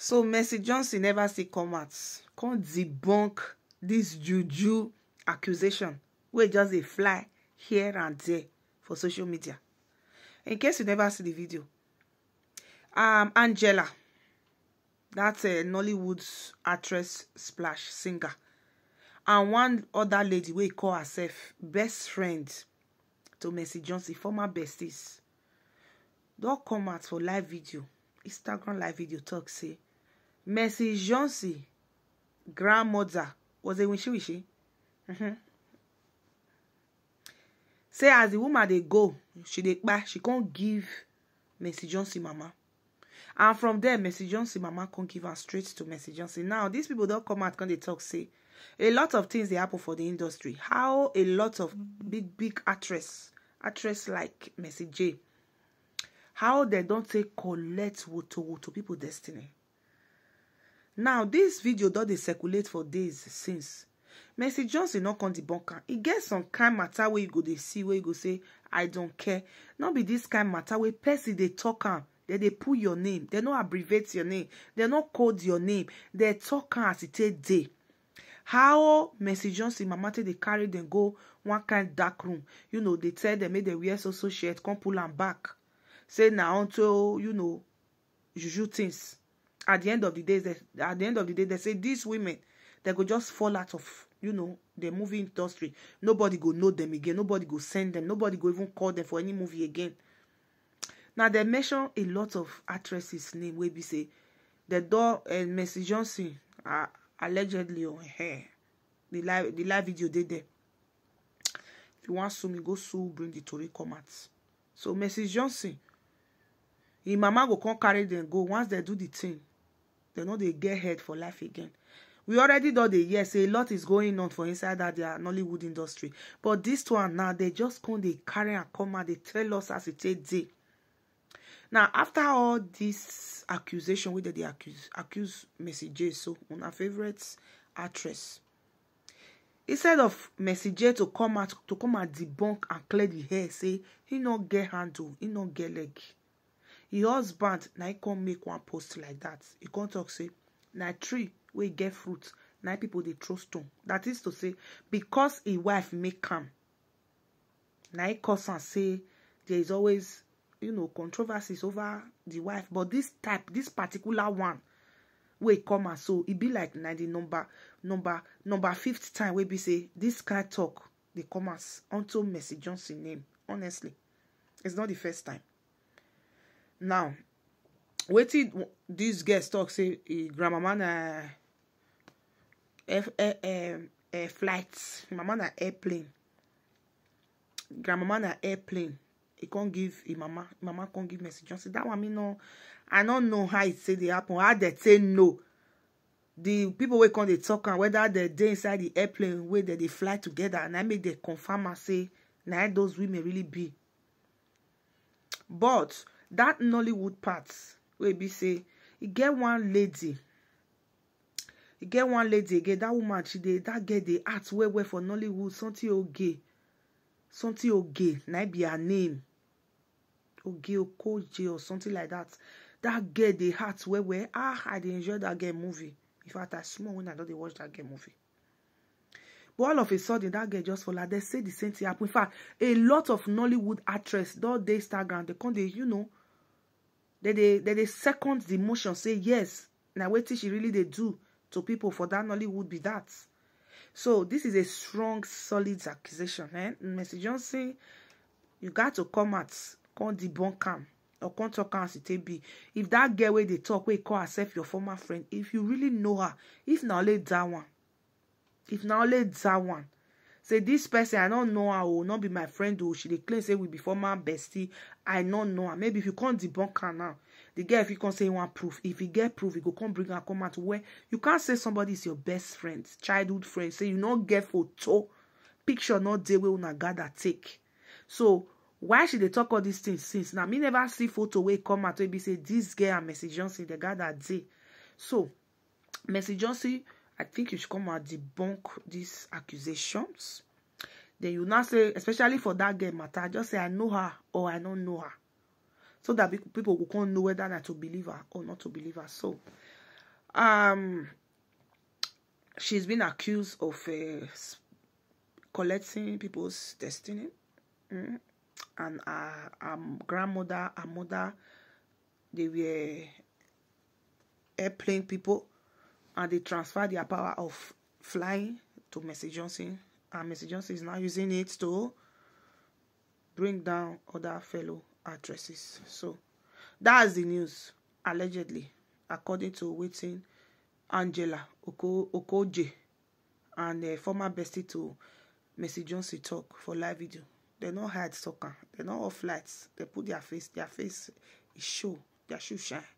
So Mercy Johnson never see come out, come debunk this juju accusation wey e just a fly here and there for social media. In case you never see the video, um, Angela, that's a eh, Nollywood actress splash singer, and one other lady we e call herself best friend to Mercy Johnson, former besties, don come out for live video, Instagram live video talk say Mercy Johnson, grandmother, was a wishy-wishy. Mm-hmm. Say as the woman they go, she dey kpa, she can't give Mercy Johnson mama. And from there, Mercy Johnson mama can't give her straight to Mercy Johnson. Now, these people don't come out, can they talk, say, a lot of things they happen for the industry. How a lot of big, big actress, actress like Mercy J, how they don't take collect woto to people destiny now this video don dey circulate for days since mercy johnson no come debunk am e get some kind matter where you go dey see where you go say i don't care Not be this kind matter where person dey talk am dem dey put your name They no abbreviate your name They no code your name They talk am as it e take dey how mercy johnson mama take dey carry dem go one kind dark room you know they tell them make dem wear so so shirt come pull am back say now until you know juju things at the end of the day, at the end of the day, they say these women, they could just fall out of, you know, the movie industry. Nobody go know them again. Nobody go send them. Nobody go even call them for any movie again. Now they mention a lot of actresses' name. Wey be say the door and uh, eh, Mercy Johnson uh, allegedly on oh, her. Eh, the live the live video dey there. If you wan sue me, go sue bring the tori come So Mercy Johnson, im mama go come carry them go once they do the thing. They know they get head for life again we already know the yes a lot is going on for inside that their nollywood industry but this one now they just come dey carry and come and they tell us as it take now after all this accusation wey dem dey accuse accuse messi j so una favorite actress instead of messi j to come out to come and debunk and clear the hair say he no get handle oh, he no get leg he husband na him come make one post like that. He can't talk say na tree wey get fruit na people they throw stone that is to say because a wife make come, na cause and say there is always you know controversies over the wife but this type this particular one wey come and so it be like na the number number number fifth time wey be say this kind talk. They come as until mercy johnson name honestly its not the first time now wetin dis guest talk. say e grandmama na air eh, eh, eh, flight mama na airplane grandmama na airplane e con give e mama mama con give message and say that. one me no i no know how e say dey happen how dem say no The people wey come dey tok am weda dem dey inside the airplane wey dem dey fly together, and i make dem confirm am say na those women really be but that nollywood part wey be say e get one lady e get one lady again that woman she dey that get the act where where for nollywood something oge something oge na be her name oge okoje or something like that that girl the act where where. ah i didn't enjoy that girl movie in fact i small when i don they watch that girl movie but all of a sudden that girl just fall out dem say the same thing happen in fact a lot of nollywood actress don dey instagram they come they you know dem they dem they second the motion say yes na wetin she really they do to people? for that dat would be that. so this is a strong solid accusation And eh mercy johnson you got to come at, come debunk him or come talk am as e be if that girl where they talk where call herself your former friend if you really know her if na only dat one if na only dat one say this person i don't know her will oh, not be my friend o oh. she dey claim say we be former bestie i don't know her maybe if you can't debunk her now the girl if you can't say one proof if you e get proof you e go come bring her come out where you can't say somebody is your best friend childhood friend say you not get photo picture not dey wey una gather take so why should they talk all these things since now me never see photo where come out where be say dis girl and mercy johnson dey gather dey so mercy johnson I think you should come and debunk these accusations. Then you now say, especially for that girl matter, just say, I know her or I don't know her. So that people will come know whether not to believe her or not to believe her. So, um, she's been accused of uh, collecting people's destiny. Mm? And her, grandmother, her mother, they were airplane people and they transfer their power of flying to Messi Johnson, and Messi Johnson is now using it to bring down other fellow actresses. So that's the news, allegedly, according to waiting Angela Oko Okoje and uh, former bestie to Messi Johnson talk for live video. They not hide soccer. They not off lights. They put their face. Their face is show. Their shoe shine.